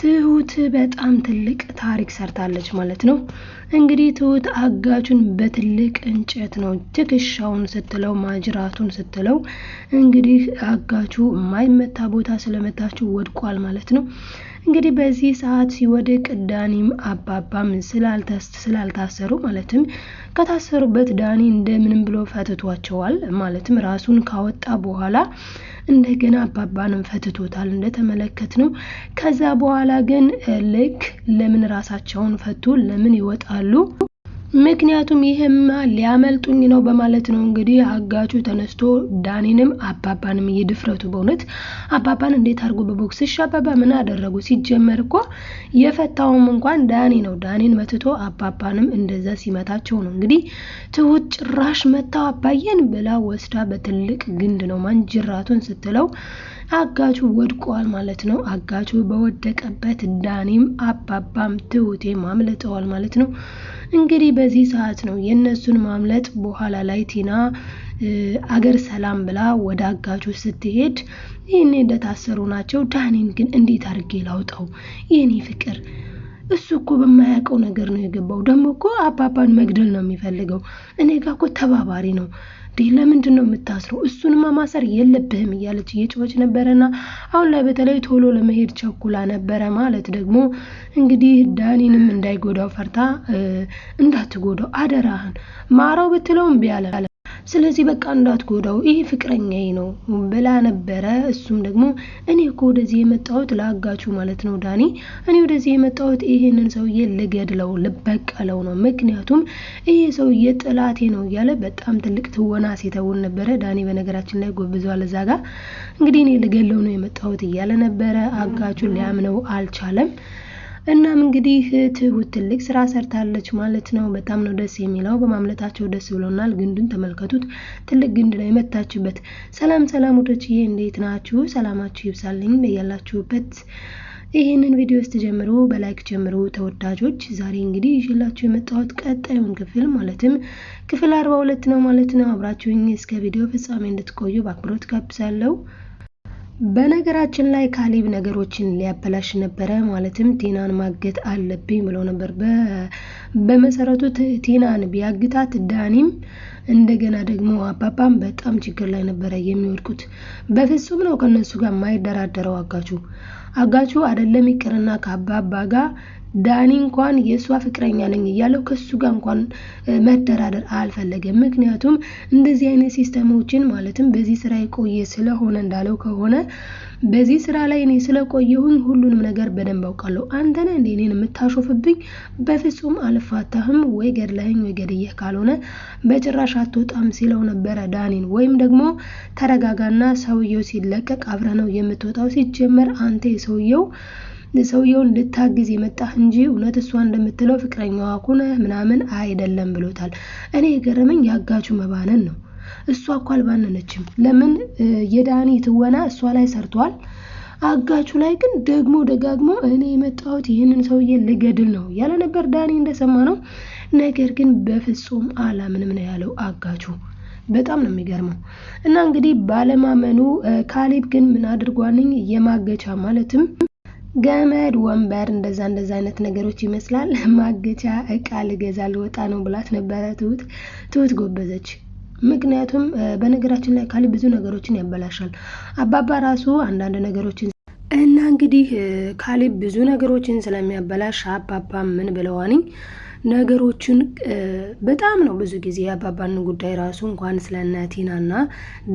ትሁት በጣም ትልቅ ታሪክ ሰርታለች ማለት ነው። እንግዲህ ትሁት አጋቹን በትልቅ እንጨት ነው ትከሻውን ስትለው ማጅራቱን ስትለው እንግዲህ አጋቹ የማይመታ ቦታ ስለመታችው ወድቋል ማለት ነው። እንግዲህ በዚህ ሰዓት ሲወድቅ ዳኒም አባባም ስላልታሰሩ ማለትም ከታሰሩበት ዳኒ እንደምንም ብሎ ፈትቷቸዋል። ማለትም ራሱን ካወጣ በኋላ እንደገና አባባንም ፈትቶታል እንደተመለከት ነው። ከዛ በኋላ ግን ልክ ለምን ራሳቸውን ፈቱ? ለምን ይወጣሉ? ምክንያቱም ይሄማ ሊያመልጡኝ ነው በማለት ነው እንግዲህ አጋቹ ተነስቶ ዳኒንም አባባንም የድፍረቱ በእውነት አባባን እንዴት አድርጎ በቦክስ እሺ አባባ ምን አደረጉ? ሲጀመር እኮ የፈታውም እንኳን ዳኒ ነው። ዳኒን መትቶ አባባንም እንደዛ ሲመታቸው ነው እንግዲህ ትሁት ጭራሽ መታው አባየን ብላ ወስዳ በትልቅ ግንድ ነው ማንጅራቱን ስትለው አጋቹ ወድቋል ማለት ነው። አጋቹ በወደቀበት ዳኒም አባባም ትሁቴም አምልጠዋል ማለት ነው። እንግዲህ በዚህ ሰዓት ነው የእነሱን ማምለጥ በኋላ ላይ ቲና አገር ሰላም ብላ ወደ አጋቾች ስትሄድ ይህኔ እንደታሰሩ ናቸው። ዳኒን ግን እንዴት አድርጌ ላውጣው የኔ ፍቅር እሱ እኮ በማያውቀው ነገር ነው የገባው። ደግሞ እኮ አባባን መግደል ነው የሚፈልገው። እኔ ጋ እኮ ተባባሪ ነው እንዲህ ለምንድን ነው የምታስረው? እሱንማ ማሰር የለብህም እያለች እየጮኸች ነበረና አሁን ላይ በተለይ ቶሎ ለመሄድ ቸኩላ ነበረ። ማለት ደግሞ እንግዲህ ዳኒንም እንዳይጎዳው ፈርታ እንዳትጎዳው አደራህን ማረው ብትለውም ቢያለ ስለዚህ በቃ እንዳትጎዳው ይህ ፍቅረኛዬ ነው ብላ ነበረ። እሱም ደግሞ እኔ እኮ ወደዚህ የመጣሁት ለአጋቹ ማለት ነው ዳኒ፣ እኔ ወደዚህ የመጣሁት ይህንን ሰውዬ ልገድለው ልበቀለው ነው፣ ምክንያቱም ይህ ሰውዬ ጥላቴ ነው እያለ በጣም ትልቅ ትወና ሲተውን ነበረ። ዳኒ በነገራችን ላይ ጎብዘዋል። እዛ ጋር እንግዲህ እኔ ልገለው ነው የመጣሁት እያለ ነበረ። አጋቹን ሊያምነው አልቻለም። እናም እንግዲህ ትሁት ትልቅ ስራ ሰርታለች ማለት ነው። በጣም ነው ደስ የሚለው። በማምለታቸው ደስ ብሎናል። ግንዱን ተመልከቱት። ትልቅ ግንድ ነው የመታችበት። ሰላም ሰላም ውዶችዬ፣ እንዴት ናችሁ? ሰላማችሁ ይብዛልኝ በያላችሁበት። ይህንን ቪዲዮ ስትጀምሩ በላይክ ጀምሩ ተወዳጆች። ዛሬ እንግዲህ ይዤላችሁ የመጣሁት ቀጣዩን ክፍል ማለትም ክፍል አርባ ሁለት ነው ማለት ነው። አብራችሁኝ እስከ ቪዲዮ ፍጻሜ እንድትቆዩ በአክብሮት ጋብዛለሁ። በነገራችን ላይ ካሌብ ነገሮችን ሊያበላሽ ነበረ። ማለትም ቲናን ማገት አለብኝ ብሎ ነበር። በመሰረቱ ቲናን ቢያግታት ዳኒም እንደገና ደግሞ አባባም በጣም ችግር ላይ ነበረ የሚወድቁት። በፍጹም ነው ከነሱ ጋር የማይደራደረው አጋቹ አጋቹ አይደለም ይቅርና ከአባባ ጋር ዳኒ እንኳን የእሷ ፍቅረኛ ነኝ እያለው ከሱ ጋር እንኳን መደራደር አልፈለገም። ምክንያቱም እንደዚህ አይነት ሲስተሞችን ማለትም በዚህ ስራ የቆየ ስለሆነ እንዳለው ከሆነ በዚህ ስራ ላይ እኔ ስለቆየሁኝ ሁሉንም ነገር በደንብ አውቃለሁ። አንተ ነህ እንደ እኔን የምታሾፍብኝ? በፍጹም አልፋታህም፣ ወይ ገድለህኝ ወይ ገድየህ ካልሆነ በጭራሽ አትወጣም ሲለው ነበረ ዳኒን። ወይም ደግሞ ተረጋጋና ሰውየው ሲለቀቅ አብረህ ነው የምትወጣው። ሲጀመር አንተ የሰውየው ሰውየውን ልታግዝ የመጣህ እንጂ እውነት እሷ እንደምትለው ፍቅረኛዋ ኩነ ምናምን አይደለም ብሎታል። እኔ የገረመኝ የአጋቹ መባነን ነው። እሷ እኮ አልባነነችም። ለምን የዳኒ ትወና እሷ ላይ ሰርቷል። አጋቹ ላይ ግን ደግሞ ደጋግሞ እኔ የመጣሁት ይህንን ሰውዬ ልገድል ነው ያለ ነበር ዳኒ እንደሰማ ነው። ነገር ግን በፍጹም አላምንም ነው ያለው አጋቹ። በጣም ነው የሚገርመው። እና እንግዲህ ባለማመኑ ካሌብ ግን ምን አድርጓንኝ የማገቻ ማለትም ገመድ፣ ወንበር እንደዛ እንደዛ አይነት ነገሮች ይመስላል። ማገቻ እቃ ልገዛ ልወጣ ነው ብላት ነበረ ትሁት። ትሁት ጎበዘች። ምክንያቱም በነገራችን ላይ ካሊ ብዙ ነገሮችን ያበላሻል። አባባ ራሱ አንዳንድ ነገሮችን እና እንግዲህ ካሊ ብዙ ነገሮችን ስለሚያበላሽ አባባ ምን ብለዋንኝ ነገሮችን በጣም ነው ብዙ ጊዜ የአባባን ጉዳይ ራሱ እንኳን ስለነ ቲናና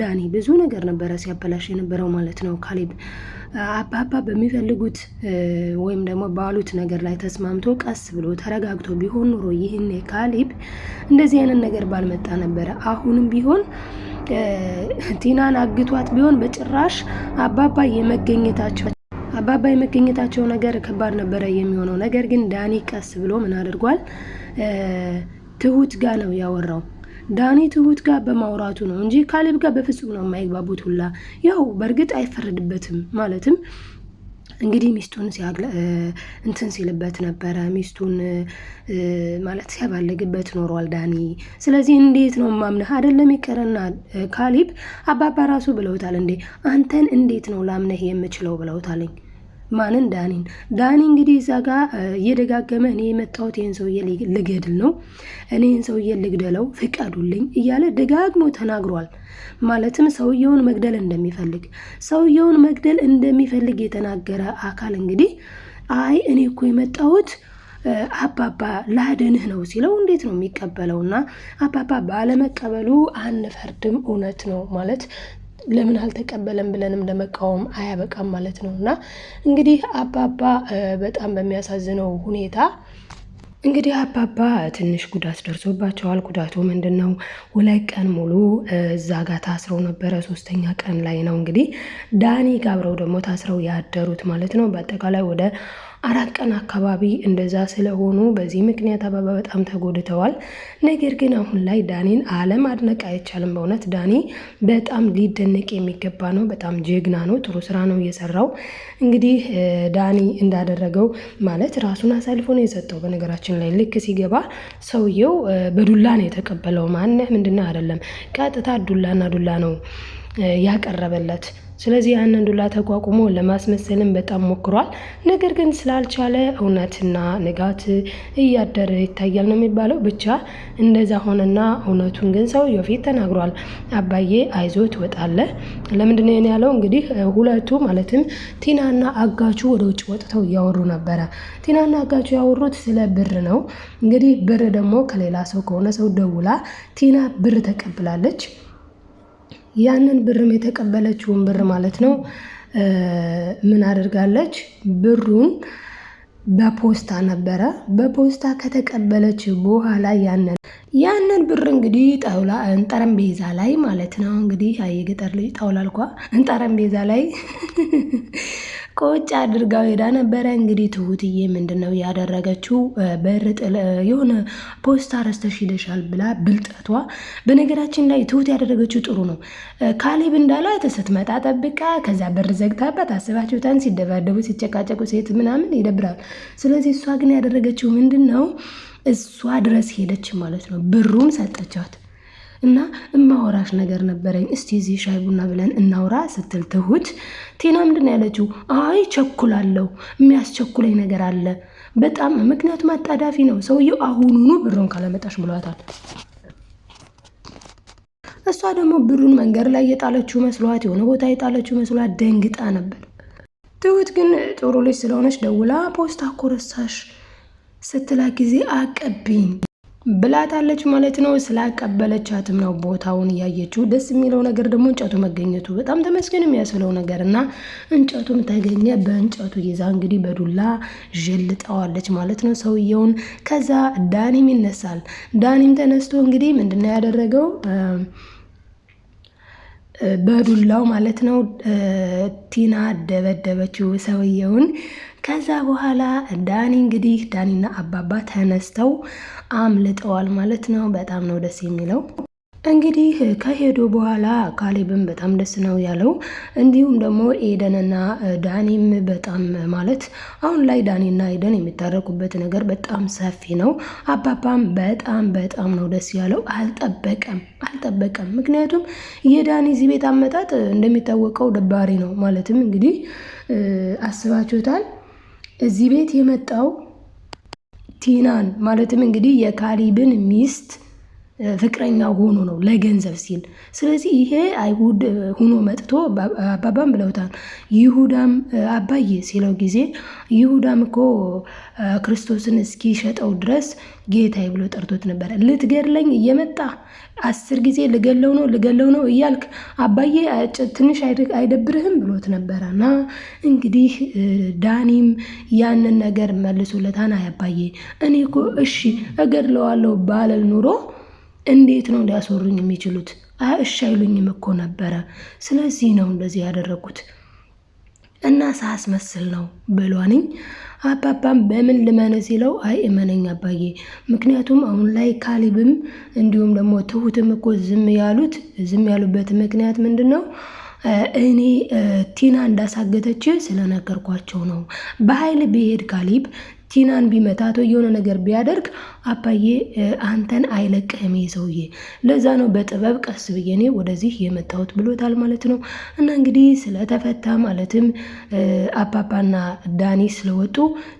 ዳኒ ብዙ ነገር ነበረ ሲያበላሽ የነበረው ማለት ነው። ካሌብ አባባ በሚፈልጉት ወይም ደግሞ ባሉት ነገር ላይ ተስማምቶ ቀስ ብሎ ተረጋግቶ ቢሆን ኑሮ ይህን ካሌብ እንደዚህ አይነት ነገር ባልመጣ ነበረ። አሁንም ቢሆን ቲናን አግቷት ቢሆን በጭራሽ አባባ የመገኘታቸው አባባይ የመገኘታቸው ነገር ከባድ ነበረ የሚሆነው። ነገር ግን ዳኒ ቀስ ብሎ ምን አድርጓል? ትሁት ጋር ነው ያወራው። ዳኒ ትሁት ጋር በማውራቱ ነው እንጂ ካሌብ ጋር በፍጹም ነው የማይግባቡት ሁላ። ያው በእርግጥ አይፈረድበትም ማለትም እንግዲህ ሚስቱን እንትን ሲልበት ነበረ። ሚስቱን ማለት ሲያባልግበት ኖሯል ዳኒ። ስለዚህ እንዴት ነው ማምነህ አይደለም ይቀርና ካሊብ አባባ ራሱ ብለውታል እንዴ አንተን እንዴት ነው ላምነህ የምችለው ብለውታለኝ። ማንን? ዳኒን። ዳኒ እንግዲህ እዛ ጋ እየደጋገመ እኔ የመጣሁት ይህን ሰውዬ ልገድል ነው፣ እኔ ሰውዬ ልግደለው ፍቀዱልኝ እያለ ደጋግሞ ተናግሯል። ማለትም ሰውየውን መግደል እንደሚፈልግ ሰውየውን መግደል እንደሚፈልግ የተናገረ አካል እንግዲህ አይ እኔ እኮ የመጣሁት አባባ ላድንህ ነው ሲለው እንዴት ነው የሚቀበለው? እና አባባ ባለመቀበሉ አንፈርድም። እውነት ነው ማለት ለምን አልተቀበለም ብለንም ለመቃወም አያበቃም ማለት ነው። እና እንግዲህ አባባ በጣም በሚያሳዝነው ሁኔታ እንግዲህ አባባ ትንሽ ጉዳት ደርሶባቸዋል። ጉዳቱ ምንድን ነው? ሁለት ቀን ሙሉ እዛ ጋር ታስረው ነበረ። ሶስተኛ ቀን ላይ ነው እንግዲህ ዳኒ ጋብረው ደግሞ ታስረው ያደሩት ማለት ነው። በአጠቃላይ ወደ አራት ቀን አካባቢ እንደዛ ስለሆኑ በዚህ ምክንያት አበባ በጣም ተጎድተዋል። ነገር ግን አሁን ላይ ዳኒን አለም አድነቅ አይቻልም። በእውነት ዳኒ በጣም ሊደነቅ የሚገባ ነው። በጣም ጀግና ነው። ጥሩ ስራ ነው እየሰራው። እንግዲህ ዳኒ እንዳደረገው ማለት ራሱን አሳልፎ ነው የሰጠው። በነገራችን ላይ ልክ ሲገባ ሰውየው በዱላ ነው የተቀበለው። ማነህ ምንድነው አይደለም፣ ቀጥታ ዱላና ዱላ ነው ያቀረበለት ስለዚህ ያንን ዱላ ተቋቁሞ ለማስመሰልም በጣም ሞክሯል። ነገር ግን ስላልቻለ እውነትና ንጋት እያደረ ይታያል ነው የሚባለው። ብቻ እንደዛ ሆነና እውነቱን ግን ሰውየው ፊት ተናግሯል። አባዬ አይዞ ትወጣለህ። ለምንድን ነው ያለው? እንግዲህ ሁለቱ ማለትም ቲናና አጋቹ ወደ ውጭ ወጥተው እያወሩ ነበረ። ቲናና አጋቹ ያወሩት ስለ ብር ነው። እንግዲህ ብር ደግሞ ከሌላ ሰው ከሆነ ሰው ደውላ ቲና ብር ተቀብላለች። ያንን ብርም የተቀበለችውን ብር ማለት ነው ምን አድርጋለች? ብሩን በፖስታ ነበረ። በፖስታ ከተቀበለች በኋላ ያንን ያንን ብር እንግዲህ ጣውላ ጠረጴዛ ላይ ማለት ነው እንግዲህ የገጠር ልጅ ጣውላ አልኳ ጠረጴዛ ላይ ቁጭ አድርጋው ሄዳ ነበረ። እንግዲህ ትሁትዬ ምንድን ነው ያደረገችው? በር የሆነ ፖስታ ረስተሽ ሂደሻል ብላ ብልጠቷ። በነገራችን ላይ ትሁት ያደረገችው ጥሩ ነው። ካሌብ እንዳላት ስትመጣ ጠብቃ፣ ከዛ በር ዘግታበት አስባችሁታን? ሲደባደቡ ሲጨቃጨቁ ሴት ምናምን ይደብራል። ስለዚህ እሷ ግን ያደረገችው ምንድን ነው? እሷ ድረስ ሄደች ማለት ነው። ብሩን ሰጠቻት። እና እማወራሽ ነገር ነበረኝ፣ እስቲ እዚህ ሻይ ቡና ብለን እናውራ ስትል ትሁት ቴና ምንድን ያለችው? አይ ቸኩላለሁ፣ የሚያስቸኩለኝ ነገር አለ በጣም ምክንያቱም አጣዳፊ ነው ሰውየው፣ አሁኑኑ ብሩን ካለመጣሽ ብሏታል። እሷ ደግሞ ብሩን መንገድ ላይ የጣለችው መስሏት የሆነ ቦታ የጣለችው መስሏት ደንግጣ ነበር። ትሁት ግን ጥሩ ልጅ ስለሆነች ደውላ ፖስታ ኮረሳሽ ስትላ ጊዜ አቀብኝ ብላታለች ማለት ነው። ስላቀበለቻትም ነው ቦታውን እያየችው። ደስ የሚለው ነገር ደግሞ እንጨቱ መገኘቱ በጣም ተመስገን የሚያስብለው ነገር እና እንጨቱም ተገኘ። በእንጨቱ ይዛ እንግዲህ በዱላ ዥልጠዋለች ማለት ነው ሰውየውን። ከዛ ዳኒም ይነሳል። ዳኒም ተነስቶ እንግዲህ ምንድነው ያደረገው በዱላው ማለት ነው። ቲና ደበደበችው ሰውየውን። ከዛ በኋላ ዳኒ እንግዲህ ዳኒና አባባ ተነስተው አምልጠዋል ማለት ነው። በጣም ነው ደስ የሚለው። እንግዲህ ከሄዱ በኋላ ካሌብም በጣም ደስ ነው ያለው። እንዲሁም ደግሞ ኤደንና ዳኒም በጣም ማለት አሁን ላይ ዳኒና ኤደን የሚታረቁበት ነገር በጣም ሰፊ ነው። አባባም በጣም በጣም ነው ደስ ያለው። አልጠበቀም አልጠበቀም። ምክንያቱም የዳኒ እዚህ ቤት አመጣጥ እንደሚታወቀው ደባሪ ነው። ማለትም እንግዲህ አስባችሁታል እዚህ ቤት የመጣው ቲናን ማለትም እንግዲህ የካሊብን ሚስት ፍቅረኛ ሆኖ ነው ለገንዘብ ሲል። ስለዚህ ይሄ አይሁድ ሆኖ መጥቶ አባባም ብለውታል። ይሁዳም አባዬ ሲለው ጊዜ ይሁዳም እኮ ክርስቶስን እስኪሸጠው ድረስ ጌታ ብሎ ጠርቶት ነበረ። ልትገድለኝ እየመጣ አስር ጊዜ ልገለው ነው ልገለው ነው እያልክ አባዬ ትንሽ አይደብርህም ብሎት ነበረ። እና እንግዲህ ዳኒም ያንን ነገር መልሶለታን አባዬ እኔ እኮ እሺ እገድለዋለሁ ባለል ኑሮ እንዴት ነው ሊያስወሩኝ የሚችሉት? እሺ አይሉኝም እኮ ነበረ። ስለዚህ ነው እንደዚህ ያደረጉት እና ሳስመስል ነው ብሏንኝ። አባባም በምን ልመን ሲለው አይ እመነኝ አባዬ፣ ምክንያቱም አሁን ላይ ካሊብም እንዲሁም ደግሞ ትሁትም እኮ ዝም ያሉት ዝም ያሉበት ምክንያት ምንድን ነው? እኔ ቲና እንዳሳገተች ስለነገርኳቸው ነው። በኃይል ብሄድ ካሊብ ቲናን ቢመታት የሆነ ነገር ቢያደርግ አባዬ አንተን አይለቅህም ሰውዬ። ለዛ ነው በጥበብ ቀስ ብዬ እኔ ወደዚህ የመጣሁት ብሎታል ማለት ነው። እና እንግዲህ ስለተፈታ ማለትም አባባና ዳኒ ስለወጡ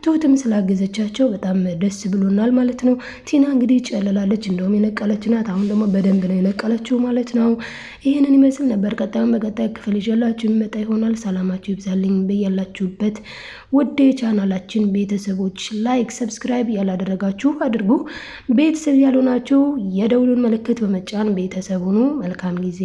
ትሁትም ስላገዘቻቸው በጣም ደስ ብሎናል ማለት ነው። ቲና እንግዲህ ጨለላለች፣ እንደውም የነቀለች ናት። አሁን ደግሞ በደንብ ነው የነቀለችው ማለት ነው። ይህንን ይመስል ነበር። ቀጣዩን በቀጣይ ክፍል ይዤላችሁ የሚመጣ ይሆናል። ሰላማችሁ ይብዛልኝ በያላችሁበት ውድ የቻናላችን ቤተሰቦች ላይክ፣ ሰብስክራይብ ያላደረጋችሁ አድርጉ። ቤተሰብ ያልሆናችሁ የደውሉን ምልክት በመጫን ቤተሰብ ሁኑ። መልካም ጊዜ